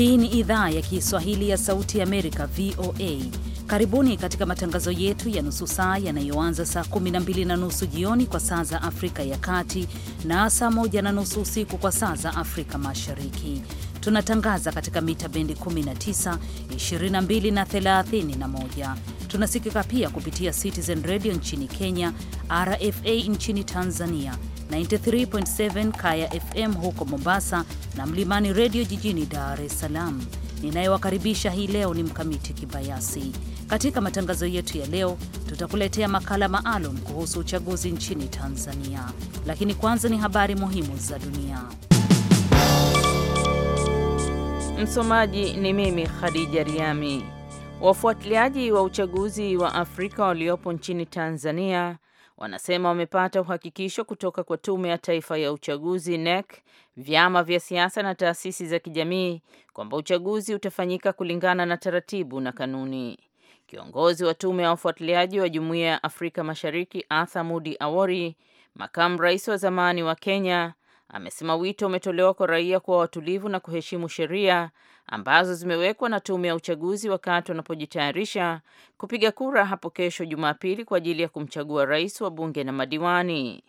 Hii ni idhaa ya Kiswahili ya Sauti ya Amerika, VOA. Karibuni katika matangazo yetu ya nusu saa yanayoanza saa 12 na nusu jioni kwa saa za Afrika ya Kati na saa 1 na nusu usiku kwa saa za Afrika Mashariki. Tunatangaza katika mita bendi 19, 22 na 31. Tunasikika pia kupitia Citizen Radio nchini Kenya, RFA nchini Tanzania, 93.7 Kaya FM huko Mombasa na Mlimani Radio jijini Dar es Salaam. Ninayewakaribisha hii leo ni Mkamiti Kibayasi. Katika matangazo yetu ya leo tutakuletea makala maalum kuhusu uchaguzi nchini Tanzania, lakini kwanza ni habari muhimu za dunia. Msomaji ni mimi Khadija Riami. Wafuatiliaji wa uchaguzi wa Afrika waliopo nchini Tanzania wanasema wamepata uhakikisho kutoka kwa Tume ya Taifa ya Uchaguzi NEC, vyama vya siasa na taasisi za kijamii kwamba uchaguzi utafanyika kulingana na taratibu na kanuni. Kiongozi wa tume ya wafuatiliaji wa Jumuiya ya Afrika Mashariki Arthur Mudi Awori, makamu rais wa zamani wa Kenya amesema wito umetolewa kwa raia kuwa watulivu na kuheshimu sheria ambazo zimewekwa na tume ya uchaguzi wakati wanapojitayarisha kupiga kura hapo kesho Jumapili kwa ajili ya kumchagua rais wa bunge na madiwani.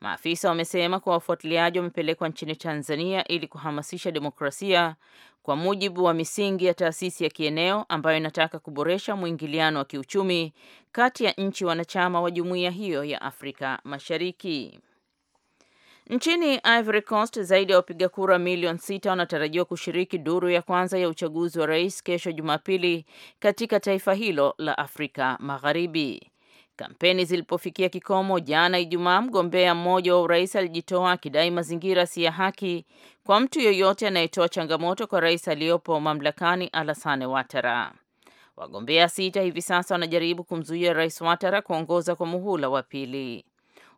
Maafisa wamesema kuwa wafuatiliaji wamepelekwa nchini Tanzania ili kuhamasisha demokrasia kwa mujibu wa misingi ya taasisi ya kieneo ambayo inataka kuboresha mwingiliano wa kiuchumi kati ya nchi wanachama wa jumuiya hiyo ya Afrika Mashariki. Nchini Ivory Coast zaidi ya wapiga kura milioni sita wanatarajiwa kushiriki duru ya kwanza ya uchaguzi wa rais kesho Jumapili katika taifa hilo la Afrika Magharibi. Kampeni zilipofikia kikomo jana Ijumaa, mgombea mmoja wa urais alijitoa akidai mazingira si ya haki kwa mtu yeyote anayetoa changamoto kwa rais aliyopo mamlakani Alassane Ouattara. Wagombea sita hivi sasa wanajaribu kumzuia Rais Ouattara kuongoza kwa muhula wa pili.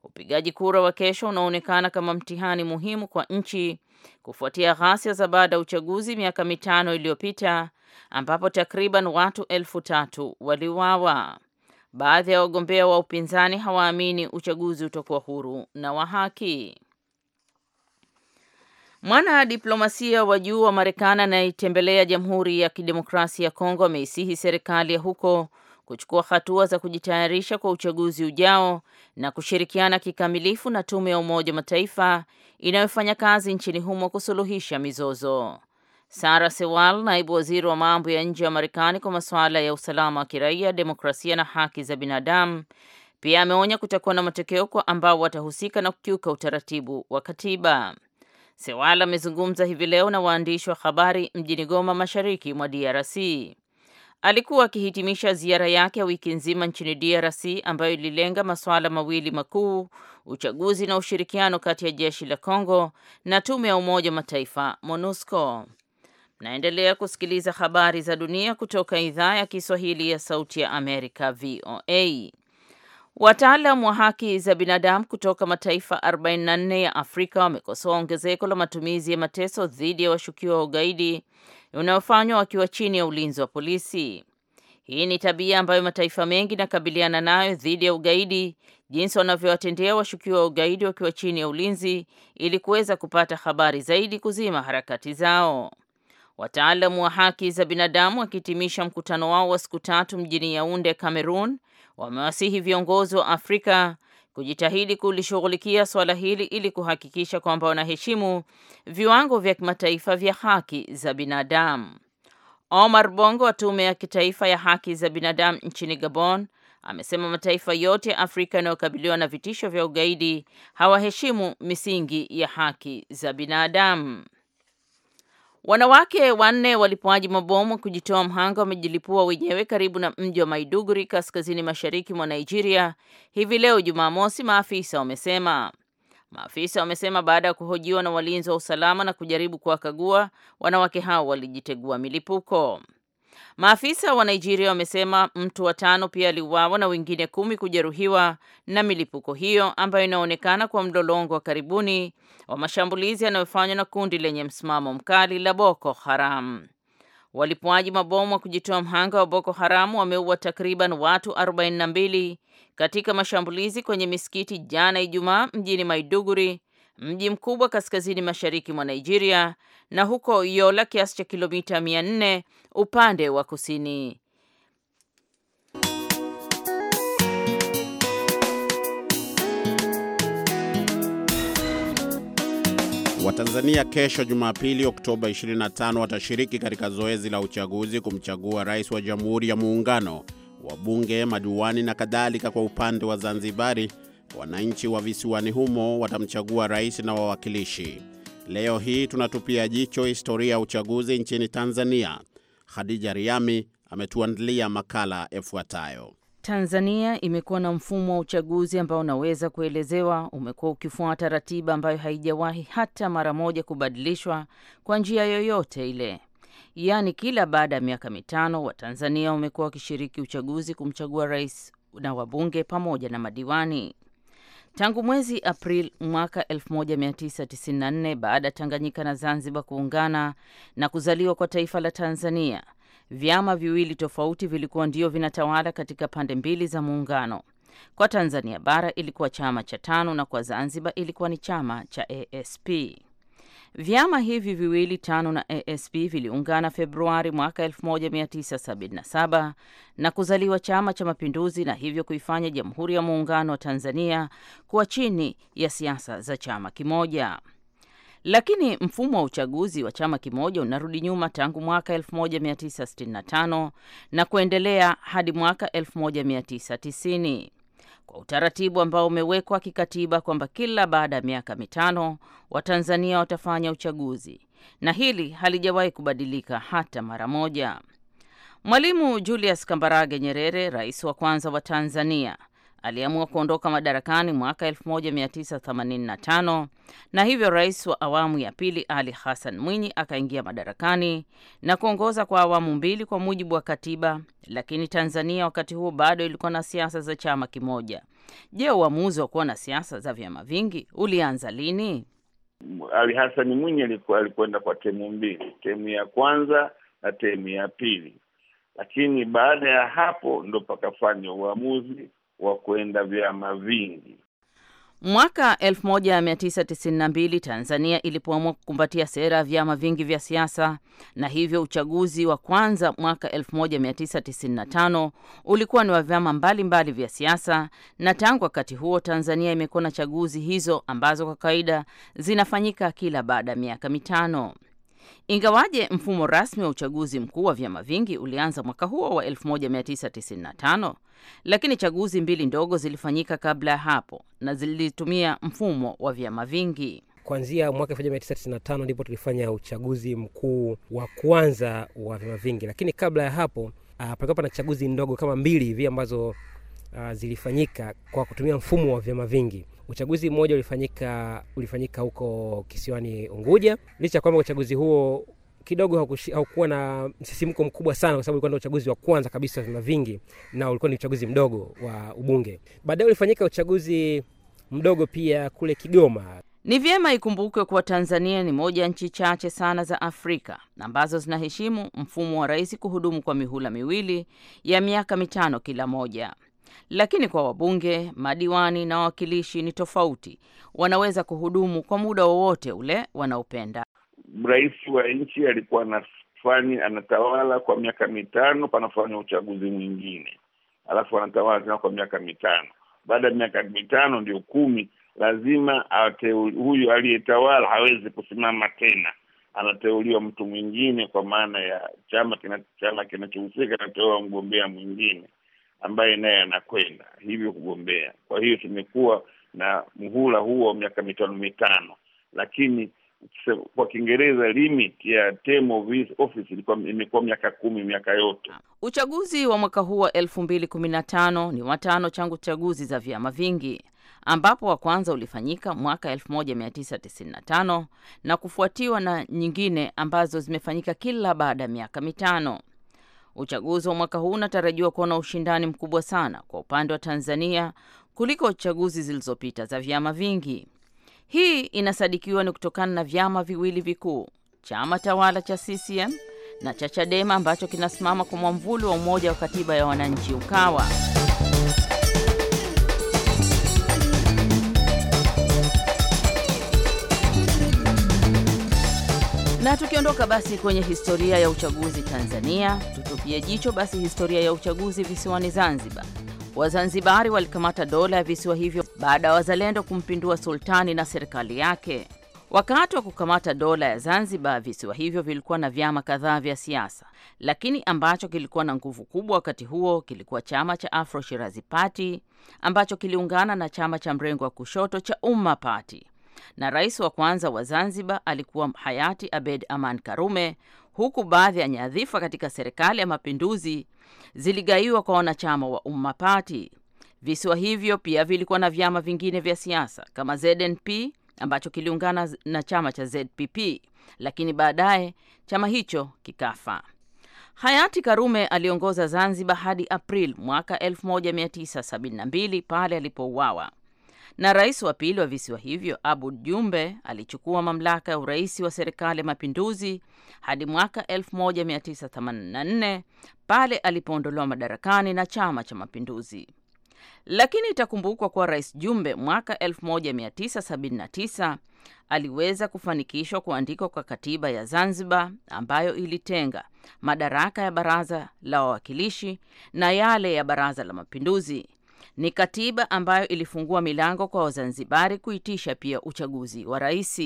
Upigaji kura wa kesho unaonekana kama mtihani muhimu kwa nchi kufuatia ghasia za baada ya uchaguzi miaka mitano iliyopita ambapo takriban watu elfu tatu waliuawa. Baadhi ya wagombea wa upinzani hawaamini uchaguzi utakuwa huru na wa haki. Mwana diplomasia wa juu wa Marekani anayetembelea Jamhuri ya Kidemokrasia ya Kongo ameisihi serikali ya huko kuchukua hatua za kujitayarisha kwa uchaguzi ujao na kushirikiana kikamilifu na tume ya Umoja Mataifa inayofanya kazi nchini humo kusuluhisha mizozo. Sara sewal naibu waziri wa mambo ya nje ya Marekani kwa masuala ya usalama wa kiraia, demokrasia na haki za binadamu, pia ameonya kutakuwa na matokeo kwa ambao watahusika na kukiuka utaratibu wa katiba. Sewal amezungumza hivi leo na waandishi wa habari mjini Goma, mashariki mwa DRC. Alikuwa akihitimisha ziara yake ya wiki nzima nchini DRC ambayo ililenga masuala mawili makuu, uchaguzi na ushirikiano kati ya jeshi la congo na tume ya Umoja wa Mataifa MONUSCO. Naendelea kusikiliza habari za dunia kutoka idhaa ya Kiswahili ya Sauti ya Amerika VOA. Wataalam wa haki za binadamu kutoka mataifa 44 ya Afrika wamekosoa ongezeko la matumizi ya mateso dhidi ya washukiwa wa ugaidi unaofanywa wakiwa chini ya ulinzi wa polisi. Hii ni tabia ambayo mataifa mengi inakabiliana nayo dhidi ya ugaidi, jinsi wanavyowatendea washukiwa wa ugaidi wakiwa chini ya ulinzi ili kuweza kupata habari zaidi, kuzima harakati zao. Wataalamu wa haki za binadamu wakihitimisha mkutano wao wa siku tatu mjini Yaunde, Cameroon, wamewasihi viongozi wa Afrika kujitahidi kulishughulikia suala hili ili kuhakikisha kwamba wanaheshimu viwango vya kimataifa vya haki za binadamu. Omar Bongo wa Tume ya Kitaifa ya Haki za Binadamu nchini Gabon amesema mataifa yote ya Afrika yanayokabiliwa na vitisho vya ugaidi hawaheshimu misingi ya haki za binadamu. Wanawake wanne walipoaji mabomu kujitoa mhanga wamejilipua wenyewe karibu na mji wa Maiduguri kaskazini mashariki mwa Nigeria hivi leo Jumamosi, maafisa wamesema. Maafisa wamesema baada ya kuhojiwa na walinzi wa usalama na kujaribu kuwakagua, wanawake hao walijitegua milipuko. Maafisa wa Nigeria wamesema mtu watano pia aliuawa na wengine kumi kujeruhiwa na milipuko hiyo ambayo inaonekana kwa mlolongo wa karibuni wa mashambulizi yanayofanywa na kundi lenye msimamo mkali la Boko Haram. Walipuaji mabomu wa kujitoa mhanga wa Boko haram wameua takriban watu 42 katika mashambulizi kwenye misikiti jana Ijumaa mjini Maiduguri mji mkubwa kaskazini mashariki mwa Nigeria, na huko Yola kiasi cha kilomita 400 upande wa kusini. Watanzania kesho Jumapili, Oktoba 25 watashiriki katika zoezi la uchaguzi kumchagua rais wa Jamhuri ya Muungano, wabunge, madiwani na kadhalika. Kwa upande wa Zanzibari wananchi wa visiwani humo watamchagua rais na wawakilishi. Leo hii tunatupia jicho historia ya uchaguzi nchini Tanzania. Khadija Riami ametuandalia makala yafuatayo. Tanzania imekuwa na mfumo wa uchaguzi ambao unaweza kuelezewa umekuwa ukifuata ratiba ambayo haijawahi hata mara moja kubadilishwa kwa njia yoyote ile. Yaani, kila baada ya miaka mitano Watanzania wamekuwa wakishiriki uchaguzi kumchagua rais na wabunge pamoja na madiwani. Tangu mwezi april mwaka 1994 baada ya Tanganyika na Zanzibar kuungana na kuzaliwa kwa taifa la Tanzania, vyama viwili tofauti vilikuwa ndio vinatawala katika pande mbili za muungano. Kwa Tanzania bara ilikuwa chama cha tano na kwa Zanzibar ilikuwa ni chama cha ASP. Vyama hivi viwili TANU na ASP viliungana Februari mwaka 1977 na kuzaliwa Chama cha Mapinduzi na hivyo kuifanya Jamhuri ya Muungano wa Tanzania kuwa chini ya siasa za chama kimoja. Lakini mfumo wa uchaguzi wa chama kimoja unarudi nyuma tangu mwaka 1965 na kuendelea hadi mwaka 1990 kwa utaratibu ambao umewekwa kikatiba kwamba kila baada ya miaka mitano Watanzania watafanya uchaguzi, na hili halijawahi kubadilika hata mara moja. Mwalimu Julius Kambarage Nyerere, rais wa kwanza wa Tanzania, aliamua kuondoka madarakani mwaka 1985 na hivyo rais wa awamu ya pili Ali Hassan Mwinyi akaingia madarakani na kuongoza kwa awamu mbili kwa mujibu wa katiba, lakini Tanzania wakati huo bado ilikuwa na siasa za chama kimoja. Je, uamuzi wa kuwa na siasa za vyama vingi ulianza lini? Ali Hassan Mwinyi alikuwa alikwenda kwa temu mbili, temu ya kwanza na temu ya pili, lakini baada ya hapo ndo pakafanya uamuzi wa kwenda vyama vingi. Mwaka 1992 Tanzania ilipoamua kukumbatia sera ya vyama vingi vya siasa, na hivyo uchaguzi wa kwanza mwaka 1995 ulikuwa ni wa vyama mbalimbali vya siasa, na tangu wakati huo Tanzania imekuwa na chaguzi hizo ambazo kwa kawaida zinafanyika kila baada ya miaka mitano. Ingawaje mfumo rasmi wa uchaguzi mkuu wa vyama vingi ulianza mwaka huo wa 1995, lakini chaguzi mbili ndogo zilifanyika kabla ya hapo na zilitumia mfumo wa vyama vingi. Kuanzia mwaka 1995 ndipo tulifanya uchaguzi mkuu wa kwanza wa vyama vingi, lakini kabla ya hapo uh, palikuwa na chaguzi ndogo kama mbili hivi ambazo uh, zilifanyika kwa kutumia mfumo wa vyama vingi. Uchaguzi mmoja ulifanyika ulifanyika huko kisiwani Unguja, licha ya kwamba uchaguzi huo kidogo haukuwa na msisimko mkubwa sana, kwa sababu ulikuwa ndio uchaguzi wa kwanza kabisa wa vyama vingi na ulikuwa ni uchaguzi mdogo wa ubunge. Baadaye ulifanyika uchaguzi mdogo pia kule Kigoma. Ni vyema ikumbukwe kuwa Tanzania ni moja ya nchi chache sana za Afrika ambazo zinaheshimu mfumo wa rais kuhudumu kwa mihula miwili ya miaka mitano kila moja. Lakini kwa wabunge, madiwani na wawakilishi ni tofauti, wanaweza kuhudumu kwa muda wowote ule wanaopenda. Rais wa nchi alikuwa anafanya anatawala kwa miaka mitano, panafanya uchaguzi mwingine, alafu anatawala tena kwa miaka mitano. Baada ya miaka mitano ndio kumi, lazima huyu aliyetawala hawezi kusimama tena, anateuliwa mtu mwingine, kwa maana ya chama kinachohusika anateuliwa mgombea mwingine ambaye naye anakwenda hivyo kugombea. Kwa hiyo tumekuwa na mhula huo wa miaka mitano mitano, lakini kwa Kiingereza limit ya term of office ilikuwa imekuwa miaka kumi miaka yote. Uchaguzi wa mwaka huu wa elfu mbili kumi na tano ni watano changu chaguzi za vyama vingi ambapo wa kwanza ulifanyika mwaka 1995 na kufuatiwa na nyingine ambazo zimefanyika kila baada ya miaka mitano. Uchaguzi wa mwaka huu unatarajiwa kuwa na ushindani mkubwa sana kwa upande wa Tanzania kuliko chaguzi zilizopita za vyama vingi. Hii inasadikiwa ni kutokana na vyama viwili vikuu, chama tawala cha CCM na cha Chadema ambacho kinasimama kwa mwamvuli wa umoja wa katiba ya wananchi Ukawa. Na tukiondoka basi kwenye historia ya uchaguzi Tanzania, tutupie jicho basi historia ya uchaguzi visiwani Zanzibar. Wazanzibari walikamata dola ya visiwa hivyo baada ya wazalendo kumpindua sultani na serikali yake. Wakati wa kukamata dola ya Zanzibar, visiwa hivyo vilikuwa na vyama kadhaa vya siasa, lakini ambacho kilikuwa na nguvu kubwa wakati huo kilikuwa chama cha Afro Shirazi Party ambacho kiliungana na chama cha mrengo wa kushoto cha Umma Party na rais wa kwanza wa Zanzibar alikuwa hayati Abed Aman Karume, huku baadhi ya nyadhifa katika serikali ya mapinduzi ziligaiwa kwa wanachama wa Umma Party. Visiwa hivyo pia vilikuwa na vyama vingine vya siasa kama ZNP ambacho kiliungana na chama cha ZPP, lakini baadaye chama hicho kikafa. Hayati Karume aliongoza Zanzibar hadi April mwaka 1972 pale alipouawa na rais wa pili wa visiwa hivyo Abud Jumbe alichukua mamlaka ya urais wa serikali ya mapinduzi hadi mwaka 1984 pale alipoondolewa madarakani na chama cha mapinduzi. Lakini itakumbukwa kuwa rais Jumbe mwaka 1979 aliweza kufanikishwa kuandikwa kwa katiba ya Zanzibar ambayo ilitenga madaraka ya baraza la wawakilishi na yale ya baraza la mapinduzi ni katiba ambayo ilifungua milango kwa Wazanzibari kuitisha pia uchaguzi wa rais.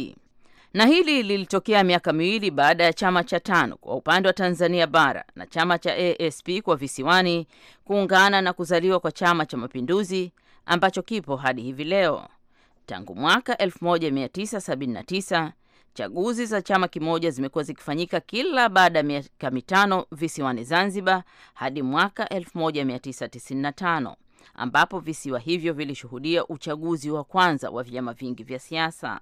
Na hili lilitokea miaka miwili baada ya chama cha tano kwa upande wa Tanzania bara na chama cha ASP kwa visiwani kuungana na kuzaliwa kwa chama cha mapinduzi ambacho kipo hadi hivi leo. Tangu mwaka 1979 chaguzi za chama kimoja zimekuwa zikifanyika kila baada ya miaka mitano visiwani Zanzibar hadi mwaka 1995 ambapo visiwa hivyo vilishuhudia uchaguzi wa kwanza wa vyama vingi vya siasa.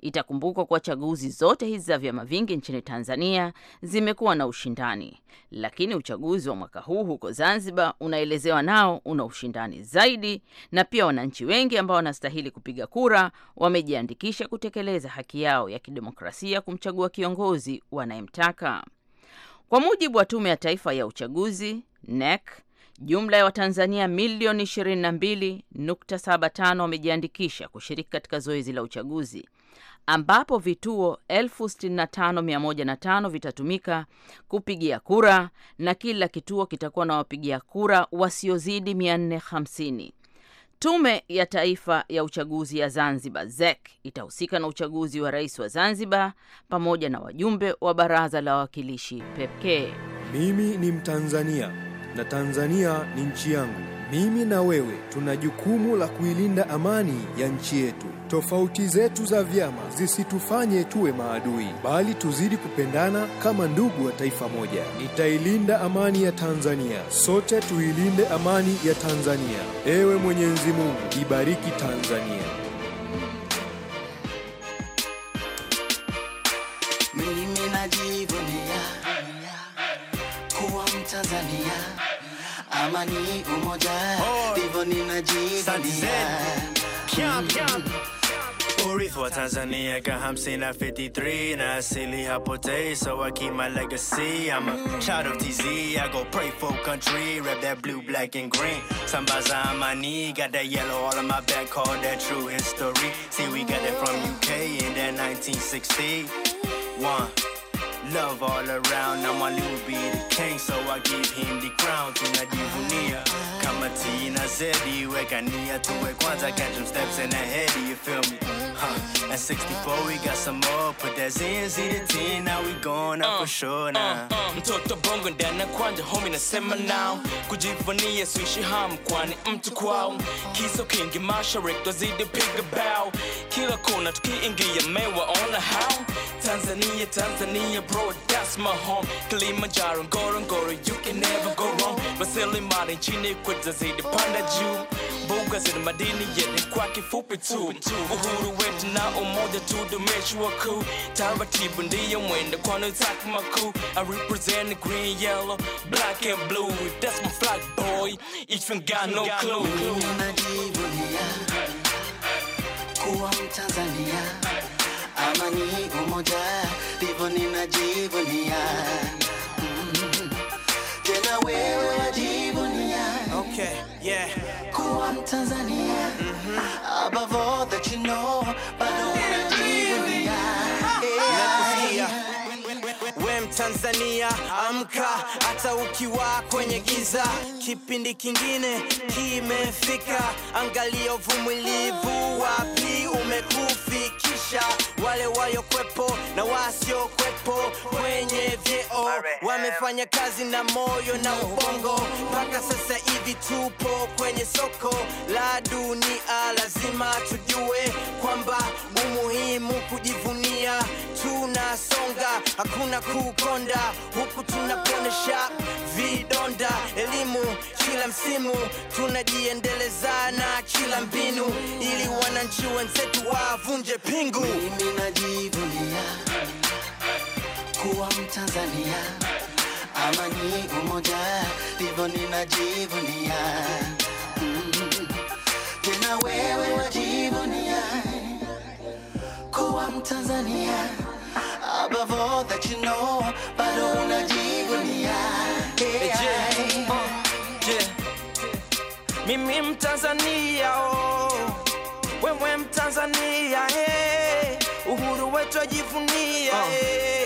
Itakumbukwa kuwa chaguzi zote hizi za vyama vingi nchini Tanzania zimekuwa na ushindani, lakini uchaguzi wa mwaka huu huko Zanzibar unaelezewa nao una ushindani zaidi, na pia wananchi wengi ambao wanastahili kupiga kura wamejiandikisha kutekeleza haki yao ya kidemokrasia kumchagua kiongozi wanayemtaka. Kwa mujibu wa Tume ya Taifa ya Uchaguzi NEC, Jumla ya Watanzania milioni 22.75 wamejiandikisha kushiriki katika zoezi la uchaguzi ambapo vituo 65105 vitatumika kupigia kura na kila kituo kitakuwa na wapigia kura wasiozidi 450. Tume ya Taifa ya Uchaguzi ya Zanzibar ZEC itahusika na uchaguzi wa rais wa Zanzibar pamoja na wajumbe wa Baraza la Wawakilishi pekee. Mimi ni Mtanzania na Tanzania ni nchi yangu. Mimi na wewe tuna jukumu la kuilinda amani ya nchi yetu. Tofauti zetu za vyama zisitufanye tuwe maadui, bali tuzidi kupendana kama ndugu wa taifa moja. Nitailinda amani ya Tanzania, sote tuilinde amani ya Tanzania. Ewe Mwenyezi Mungu, ibariki Tanzania. amani umoja ndivyo ninajivunia urithi wa Tanzania ka 50 na 53 na asili hapotei so I keep my legacy I'm a mm-hmm. child of TZ I go pray for country rap that blue black and green Sambaza on my knee got that yellow all on my back call that true history see we got that from UK in that 1960 one love all around. I'm a little bit the king, so I give him the crown. Tonight na zedi weka nia tuwe kwanza catch some steps in the head you feel me huh. at 64 we got some more put that zin to 10 now we going up uh, for sure now uh, uh. mtoto bongo ndana kwanja homi nasema nao kujivunia suishi ham kwani mtu kwao kiso kingi mashariki twazidi piga bao kila kona tukiingia mewa ona how Tanzania, Tanzania, bro, that's my home. Kilimanjaro, Ngorongoro, you can never go wrong. Masili mali nchini kwetu zaidi, panda juu. Mbuga zina madini yenye kwa kifupi tu. Uhuru wetu na umoja tudumishwa kuu. Taratibu ndiyo mwendo kwani utaki makuu. I represent the green, yellow, black and blue. That's my flag, boy. Each one got no clue. Kuwa Mtanzania amani, umoja, ndivyo ninajivunia mm Tena wewe wajivunia okay, yeah. Kuwa Mtanzania mm -hmm. above all that you know, bado unajivunia we Mtanzania amka, hata ukiwa kwenye giza, kipindi kingine kimefika. Angalia uvumilivu wapi umekufikisha wale wayokwepo na wasiokwepo kwenye vyeo wamefanya kazi na moyo na ubongo mpaka sasa hivi tupo kwenye soko la dunia lazima tujue kwamba umuhimu kujivunia tunasonga hakuna kukonda huku tunaponesha vidonda elimu kila msimu tunajiendelezana kila mbinu ili wananchi wenzetu wavunje pingu Tanzania, amani umoja, ndivyo ninajivunia mm. Tena wewe wajivunia kuwa Mtanzania, above all that you know, bado unajivunia hey, yeah. Oh, yeah. Mimi Mtanzania oh, wewe Mtanzania hey, uhuru wetu ajivunia oh. hey.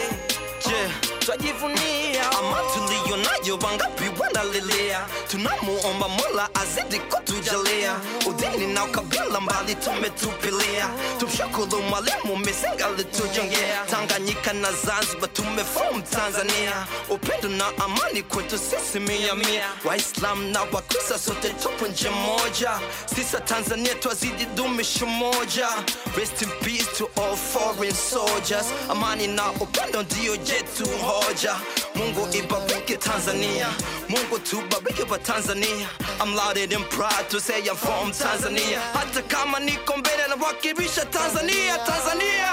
twajivunia ama tuliyonayo wangapi wanalilia tunamuomba mola azidi kutujalia udini na ukabila mbali tumetupilia tumshukuru mwalimu misingi alitujongea tanganyika na zanzibar tumefomu tanzania upendo na amani kwetu sisi mia mia waislam na wakrista sote tupo nje moja sisa tanzania twazidi dumishi moja rest in peace to all foreign soldiers amani na upendo ndio jetu hoja Mungu ibariki Tanzania Mungu tubariki wa Tanzania I'm loud and proud to say I'm from Tanzania Hata kama niko mbele na wakilisha Tanzania Tanzania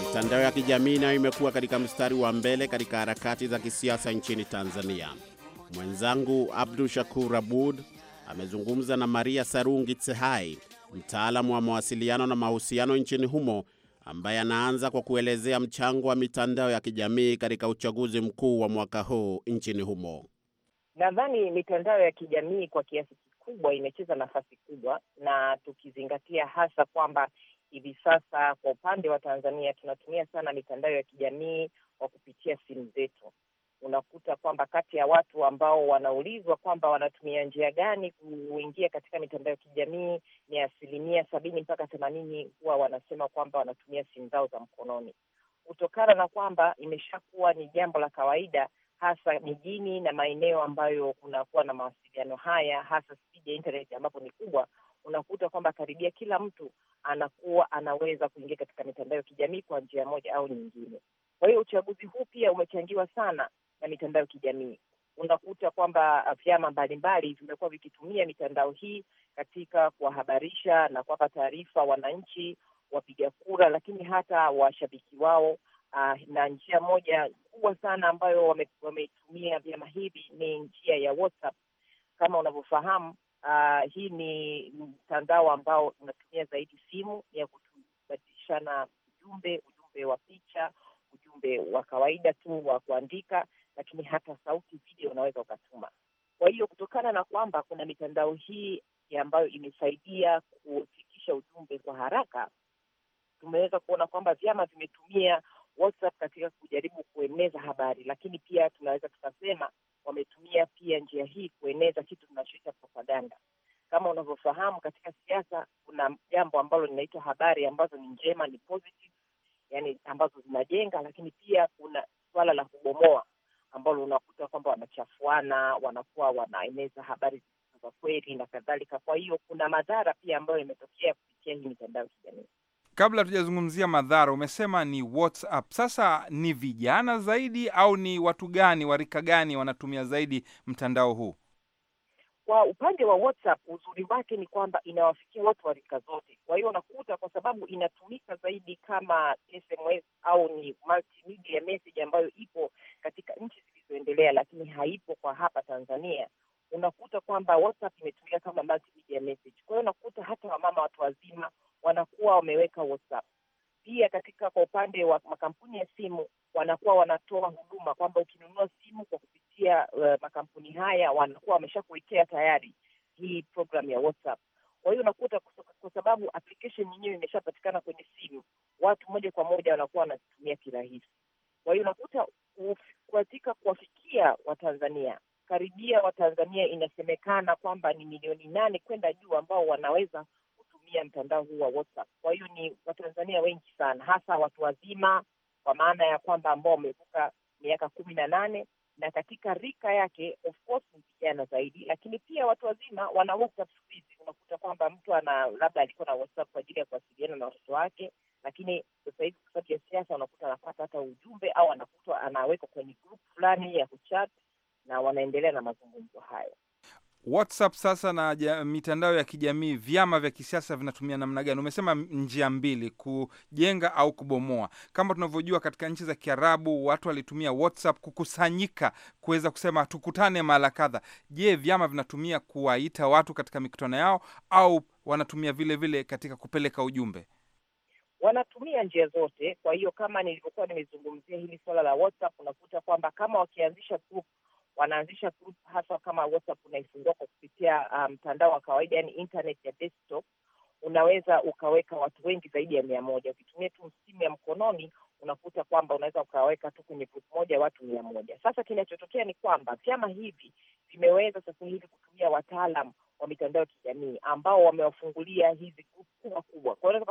Mitandao ya kijamii nayo imekuwa katika mstari wa mbele katika harakati za kisiasa nchini Tanzania. Mwenzangu Abdu Shakur Abud amezungumza na Maria Sarungi Tsehai mtaalamu wa mawasiliano na mahusiano nchini humo, ambaye anaanza kwa kuelezea mchango wa mitandao ya kijamii katika uchaguzi mkuu wa mwaka huu nchini humo. Nadhani mitandao ya kijamii kwa kiasi kikubwa imecheza nafasi kubwa, na tukizingatia hasa kwamba hivi sasa kwa upande wa Tanzania tunatumia sana mitandao ya kijamii kwa kupitia simu zetu, unakuta kwamba kati ya watu ambao wanaulizwa kwamba wanatumia njia gani kuingia katika mitandao ya kijamii ni asilimia sabini mpaka themanini huwa wanasema kwamba wanatumia simu zao za mkononi, kutokana na kwamba imeshakuwa ni jambo la kawaida, hasa mijini na maeneo ambayo kunakuwa na mawasiliano haya, hasa spidi ya internet ambapo ni kubwa unakuta kwamba karibia kila mtu anakuwa anaweza kuingia katika mitandao ya kijamii kwa njia moja au nyingine. Kwa hiyo uchaguzi huu pia umechangiwa sana na mitandao ya kijamii. Unakuta kwamba uh, vyama mbalimbali vimekuwa vikitumia mitandao hii katika kuwahabarisha na kuwapa taarifa wananchi, wapiga kura, lakini hata washabiki wao. Uh, na njia moja kubwa sana ambayo wametumia wame vyama hivi ni njia ya WhatsApp. Kama unavyofahamu, uh, hii ni mtandao ambao unatumia zaidi simu ya kubadilishana ujumbe, ujumbe wa picha, ujumbe wa kawaida tu wa kuandika, lakini hata sauti, video unaweza ukatuma. Kwa hiyo kutokana na kwamba kuna mitandao hii ambayo imesaidia kufikisha ujumbe kwa haraka, tumeweza kuona kwamba vyama vimetumia WhatsApp katika kujaribu kueneza habari, lakini pia tunaweza tukasema wametumia pia njia hii kueneza kitu tunachoita propaganda. Kama unavyofahamu katika siasa kuna jambo ambalo linaitwa habari ambazo ni njema, ni positive, yani ambazo zinajenga, lakini pia kuna suala la kubomoa ambalo unakuta kwamba wanachafuana, wanakuwa wanaeneza habari zisizo za kweli na kadhalika. Kwa hiyo kuna madhara pia ambayo imetokea kupitia hii mitandao ya kijamii. Kabla tujazungumzia madhara, umesema ni WhatsApp. Sasa ni vijana zaidi au ni watu gani, warika gani wanatumia zaidi mtandao huu? Kwa upande wa WhatsApp, uzuri wake ni kwamba inawafikia watu wa rika zote. Kwa hiyo unakuta, kwa sababu inatumika zaidi kama SMS au ni multimedia message ambayo ipo inaendelea, lakini haipo kwa hapa Tanzania, unakuta kwamba WhatsApp imetumika kama multimedia message. Kwa hiyo unakuta hata wamama watu wazima wanakuwa wameweka WhatsApp pia katika kwa upande wa makampuni ya simu wanakuwa wanatoa huduma kwamba ukinunua simu kwa kupitia uh, makampuni haya wanakuwa wameshakuwekea tayari hii program ya WhatsApp. Kwa hiyo unakuta kwa sababu application yenyewe imeshapatikana kwenye simu, watu moja kwa moja wanakuwa wanatumia kirahisi. Kwa hiyo unakuta kwa karibia Watanzania karibia Watanzania inasemekana kwamba ni milioni nane kwenda juu ambao wanaweza kutumia mtandao huu wa WhatsApp. Kwa hiyo ni Watanzania wengi sana, hasa watu wazima, kwa maana ya kwamba ambao wamevuka miaka kumi na nane na katika rika yake, of course ni vijana zaidi, lakini pia watu wazima wana WhatsApp siku hizi. Unakuta kwamba mtu ana labda alikuwa na WhatsApp kwa ajili ya kuwasiliana na watoto wake, lakini sasa hivi kwa sababu ya siasa unakuta anapata hata ujumbe au anakutwa anawekwa kwenye fulani ya kuchat na wanaendelea na mazungumzo hayo. WhatsApp sasa na mitandao ya kijamii, vyama vya kisiasa vinatumia namna gani? Umesema njia mbili, kujenga au kubomoa. Kama tunavyojua katika nchi za Kiarabu watu walitumia WhatsApp kukusanyika kuweza kusema tukutane mahala kadha. Je, vyama vinatumia kuwaita watu katika mikutano yao au wanatumia vile vile katika kupeleka ujumbe? wanatumia njia zote. Kwa hiyo kama nilivyokuwa nimezungumzia hili suala la WhatsApp, unakuta kwamba kama wakianzisha group, wanaanzisha group hasa kama WhatsApp unaifungua kwa kupitia ah, mtandao um, wa kawaida, yani internet ya desktop, unaweza ukaweka watu wengi zaidi ya mia moja. Ukitumia tu simu ya mkononi, unakuta kwamba unaweza ukaweka tu kwenye group moja watu mia moja. Sasa kinachotokea ni kwamba vyama hivi vimeweza sasa hivi kutumia wataalam wa mitandao ya kijamii ambao wamewafungulia hizi group kubwa kubwa, kwa hiyo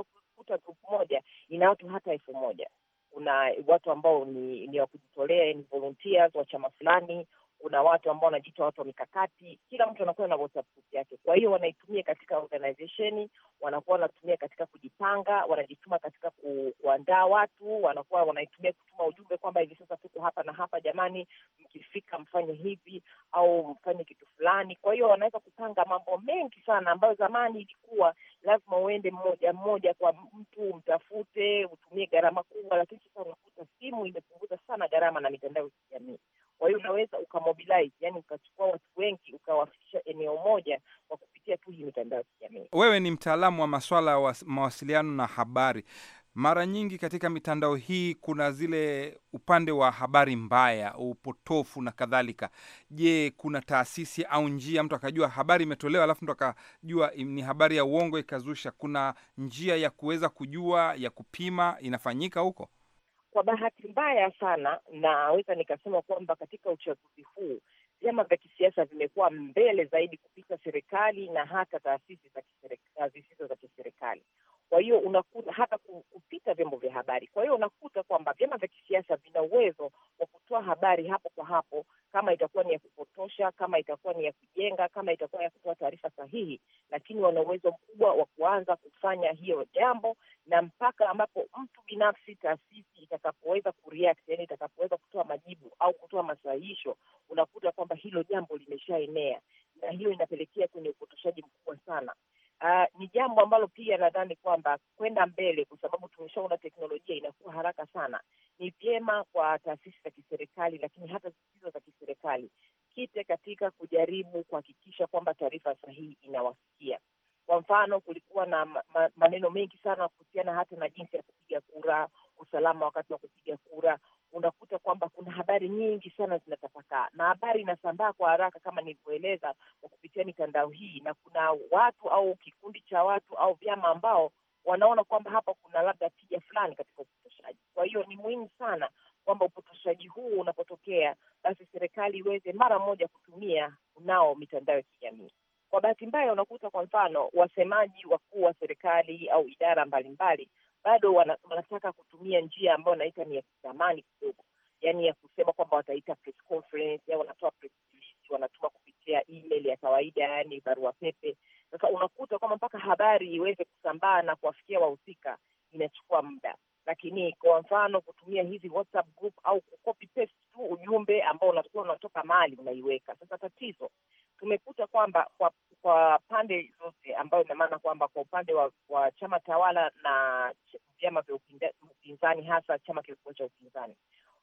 unakuta grupu moja ina watu hata elfu moja kuna watu ambao ni, ni wa kujitolea ni volunteers wa chama fulani, kuna watu ambao wanajiita watu wa mikakati. Kila mtu anakuwa na WhatsApp yake, kwa hiyo wanaitumia katika organization, wanakuwa wanatumia katika kujipanga, wanajituma katika ku, kuandaa watu, wanakuwa wanaitumia kutuma ujumbe kwamba hivi sasa tuko hapa na hapa, jamani, mkifika mfanye hivi au mfanye kitu fulani. Kwa hiyo wanaweza kupanga mambo mengi sana ambayo zamani ilikuwa lazima uende mmoja mmoja kwa mtu umtafute, utumie gharama kubwa, lakini sasa unakuta simu imepunguza sana gharama na mitandao ya kijamii. Kwa hiyo unaweza ukamobilize, yani ukachukua watu wengi ukawafikisha eneo moja kwa kupitia tu hii mitandao ya kijamii. Wewe ni mtaalamu wa maswala ya mawasiliano na habari. Mara nyingi katika mitandao hii kuna zile upande wa habari mbaya, upotofu na kadhalika. Je, kuna taasisi au njia mtu akajua habari imetolewa, alafu mtu akajua ni habari ya uongo ikazusha? Kuna njia ya kuweza kujua, ya kupima, inafanyika huko? Kwa bahati mbaya sana, naweza nikasema kwamba katika uchaguzi huu vyama vya kisiasa vimekuwa mbele zaidi kupita serikali na hata taasisi zisizo za kiserikali. Kwa hiyo unakuta hata kupita vyombo vya habari. Kwa hiyo unakuta kwamba vyama vya kisiasa vina uwezo wa kutoa habari hapo kwa hapo, kama itakuwa ni ya kupotosha, kama itakuwa ni ya kujenga, kama itakuwa ya kutoa taarifa sahihi, lakini wana uwezo mkubwa wa kuanza kufanya hiyo jambo, na mpaka ambapo mtu binafsi, taasisi itakapoweza kureact, yani itakapoweza kutoa majibu au kutoa masahihisho, unakuta kwamba hilo jambo limeshaenea, na hiyo inapelekea kwenye upotoshaji mkubwa sana uh, ni jambo ambalo pia nadhani kwamba kwenda mbele, kwa sababu tumeshaona teknolojia inakuwa haraka sana, ni vyema kwa taasisi za kiserikali, lakini hata zisizo za kiserikali kite katika kujaribu kuhakikisha kwamba taarifa sahihi inawafikia. Kwa mfano, kulikuwa na maneno mengi sana kuhusiana hata na jinsi ya kupiga kura, usalama wakati wa kupiga kura, unakuta kwamba kuna habari nyingi sana zinatapakaa, na habari inasambaa kwa haraka kama nilivyoeleza, kwa kupitia mitandao hii, na kuna watu au kikundi cha watu au vyama ambao wanaona kwamba hapa kuna labda tija fulani katika upotoshaji. Kwa hiyo ni muhimu sana kwamba upotoshaji huu unapotokea, basi serikali iweze mara moja kutumia nao mitandao ya kijamii. Kwa bahati mbaya, unakuta kwa mfano wasemaji wakuu wa serikali au idara mbalimbali mbali, bado wanataka kutumia njia ambayo naita ni ya kizamani kidogo, yaani ya kusema kwamba wataita press conference au wanatoa press release, wanatuma kupitia email ya kawaida, yaani barua pepe. Sasa unakuta kwamba mpaka habari iweze kusambaa na kuwafikia wahusika inachukua muda, lakini kwa mfano kutumia hizi WhatsApp group au kucopy paste tu ujumbe ambao unakuwa unatoka mali unaiweka. Sasa tatizo tumekuta kwamba kwa, kwa pande zote ambayo ina maana kwamba kwa upande wa, wa chama tawala na vyama vya upinzani, hasa chama kikuu cha upinzani,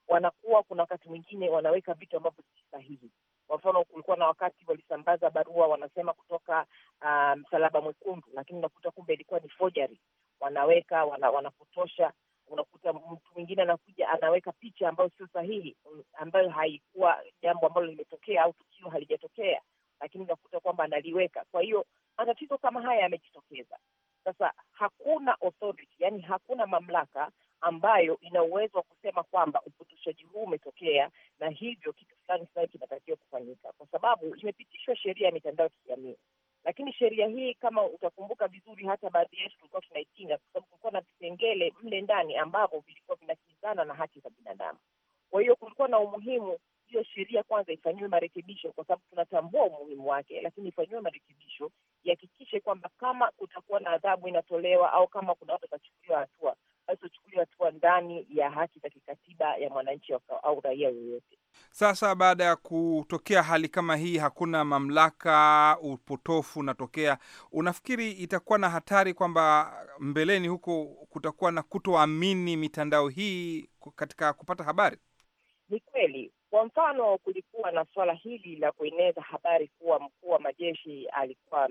wanakuwa kuna wakati mwingine wanaweka vitu ambavyo si sahihi. Kwa mfano, kulikuwa na wakati walisambaza barua wanasema kutoka ah, Msalaba um, Mwekundu, lakini unakuta kumbe ilikuwa ni forgery. Wanaweka wana, wanapotosha. Unakuta mtu mwingine anakuja anaweka picha ambayo sio sahihi, mm, ambayo haikuwa jambo ambalo limetokea au tukio halijatokea, lakini unakuta kwamba analiweka. Kwa hiyo matatizo kama haya yamejitokeza. Sasa hakuna authority, yani hakuna mamlaka ambayo ina uwezo wa kusema kwamba upotoshaji huu umetokea na hivyo kitu fulani fulani kinatakiwa kufanyika, kwa sababu imepitishwa sheria ya mitandao ya kijamii. Lakini sheria hii kama utakumbuka vizuri, hata baadhi yetu tulikuwa tunaipinga kwa sababu kulikuwa na vipengele mle ndani ambavyo vilikuwa vinakinzana na haki za binadamu. Kwa hiyo kulikuwa na umuhimu hiyo sheria kwanza ifanyiwe marekebisho, kwa sababu tunatambua umuhimu wake, lakini ifanyiwe marekebisho, ihakikishe kwamba kama kutakuwa na adhabu inatolewa au kama kuna watu watachukuliwa hatua, basi wachukuliwa hatua ndani ya haki za kikatiba ya mwananchi au raia yoyote. Sasa baada ya kutokea hali kama hii, hakuna mamlaka, upotofu unatokea, unafikiri itakuwa na hatari kwamba mbeleni huko kutakuwa na kutoamini mitandao hii katika kupata habari? Ni kweli kwa mfano, kulikuwa na suala hili la kueneza habari kuwa mkuu wa majeshi alikuwa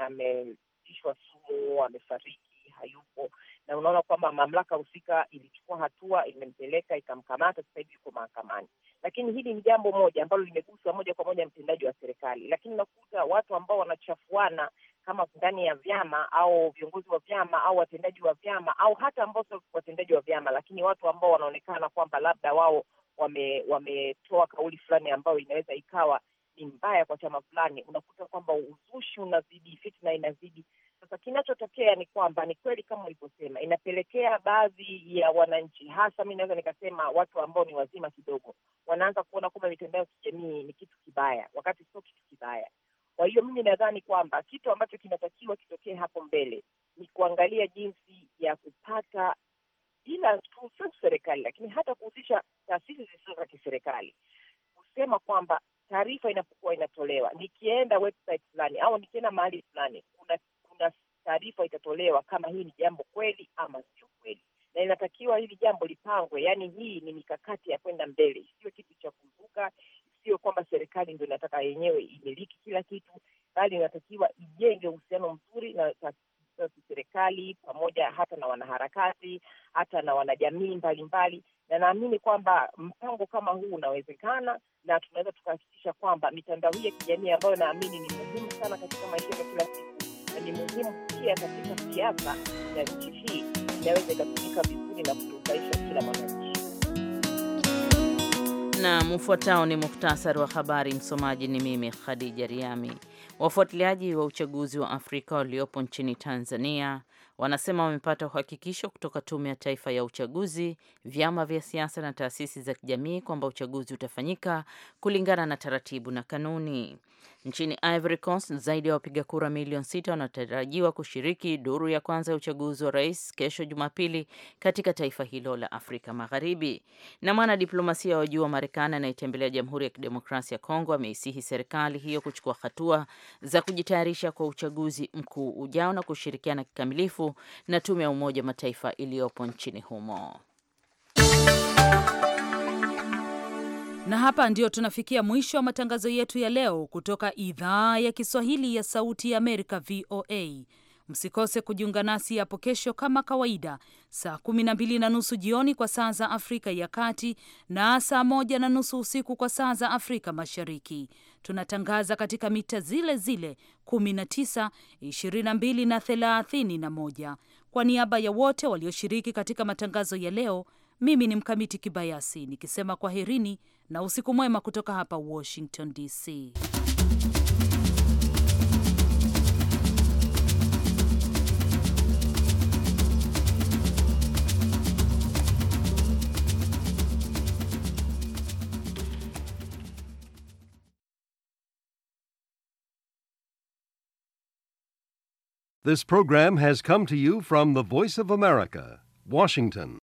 ameishwa ame sumu, amefariki, hayupo, na unaona kwamba mamlaka husika ilichukua hatua, imempeleka ikamkamata, sasa hivi yuko mahakamani. Lakini hili ni jambo moja ambalo limegusa moja kwa moja mtendaji wa serikali, lakini unakuta watu ambao wanachafuana kama ndani ya vyama au viongozi wa vyama au watendaji wa vyama au hata ambao sio watendaji wa vyama, lakini watu ambao wanaonekana kwamba labda wao wame, wametoa kauli fulani ambayo inaweza ikawa ni mbaya kwa chama fulani, unakuta kwamba uzushi unazidi, fitna inazidi. Sasa kinachotokea ni kwamba ni kweli kama ulivyosema, inapelekea baadhi ya wananchi, hasa mi naweza nikasema watu ambao ni wazima kidogo, wanaanza kuona kwamba mitandao ya kijamii ni kitu kibaya, wakati sio kitu kibaya. Kwa hiyo mimi nadhani kwamba kitu ambacho kinatakiwa kitokee hapo mbele ni kuangalia jinsi ya kupata bila tu sio serikali, lakini hata kuhusisha taasisi zisizo za kiserikali kusema kwamba taarifa inapokuwa inatolewa, nikienda website fulani au nikienda mahali fulani, kuna kuna taarifa itatolewa kama hii ni jambo kweli ama sio kweli, na inatakiwa hili jambo lipangwe. Yani hii ni mikakati ya kwenda mbele, isiyo kitu cha kuzuka sio kwamba serikali ndio inataka yenyewe imiliki kila kitu, bali inatakiwa ijenge uhusiano mzuri na serikali pamoja hata na wanaharakati hata na wanajamii mbalimbali na naamini kwamba mpango kama huu unawezekana, na tunaweza tukahakikisha kwamba mitandao hii ya kijamii ambayo naamini ni muhimu sana katika maisha ya kila siku na ni muhimu pia katika siasa ya nchi hii inaweza ikatumika vizuri na kunufaisha kila mwananchi. Na mfuatao ni muhtasari wa habari. Msomaji ni mimi Khadija Riami. Wafuatiliaji wa uchaguzi wa Afrika waliopo nchini Tanzania wanasema wamepata uhakikisho kutoka Tume ya Taifa ya Uchaguzi, vyama vya siasa na taasisi za kijamii kwamba uchaguzi utafanyika kulingana na taratibu na kanuni. Nchini Ivory Coast, zaidi ya wapiga kura milioni sita wanatarajiwa kushiriki duru ya kwanza ya uchaguzi wa rais kesho Jumapili katika taifa hilo la Afrika Magharibi. Na mwanadiplomasia wa juu wa Marekani anayetembelea Jamhuri ya Kidemokrasia ya Kongo ameisihi serikali hiyo kuchukua hatua za kujitayarisha kwa uchaguzi mkuu ujao na kushirikiana kikamilifu na tume ya Umoja Mataifa iliyopo nchini humo. Na hapa ndio tunafikia mwisho wa matangazo yetu ya leo kutoka idhaa ya Kiswahili ya Sauti ya Amerika, VOA. Msikose kujiunga nasi hapo kesho kama kawaida, saa kumi na mbili na nusu jioni kwa saa za Afrika ya Kati na saa moja na nusu usiku kwa saa za Afrika Mashariki. Tunatangaza katika mita zile zile 19, 22 na 31. Kwa niaba ya wote walioshiriki katika matangazo ya leo, mimi ni Mkamiti Kibayasi nikisema kwaherini na usiku mwema kutoka hapa Washington DC. This program has come to you from the Voice of America, Washington.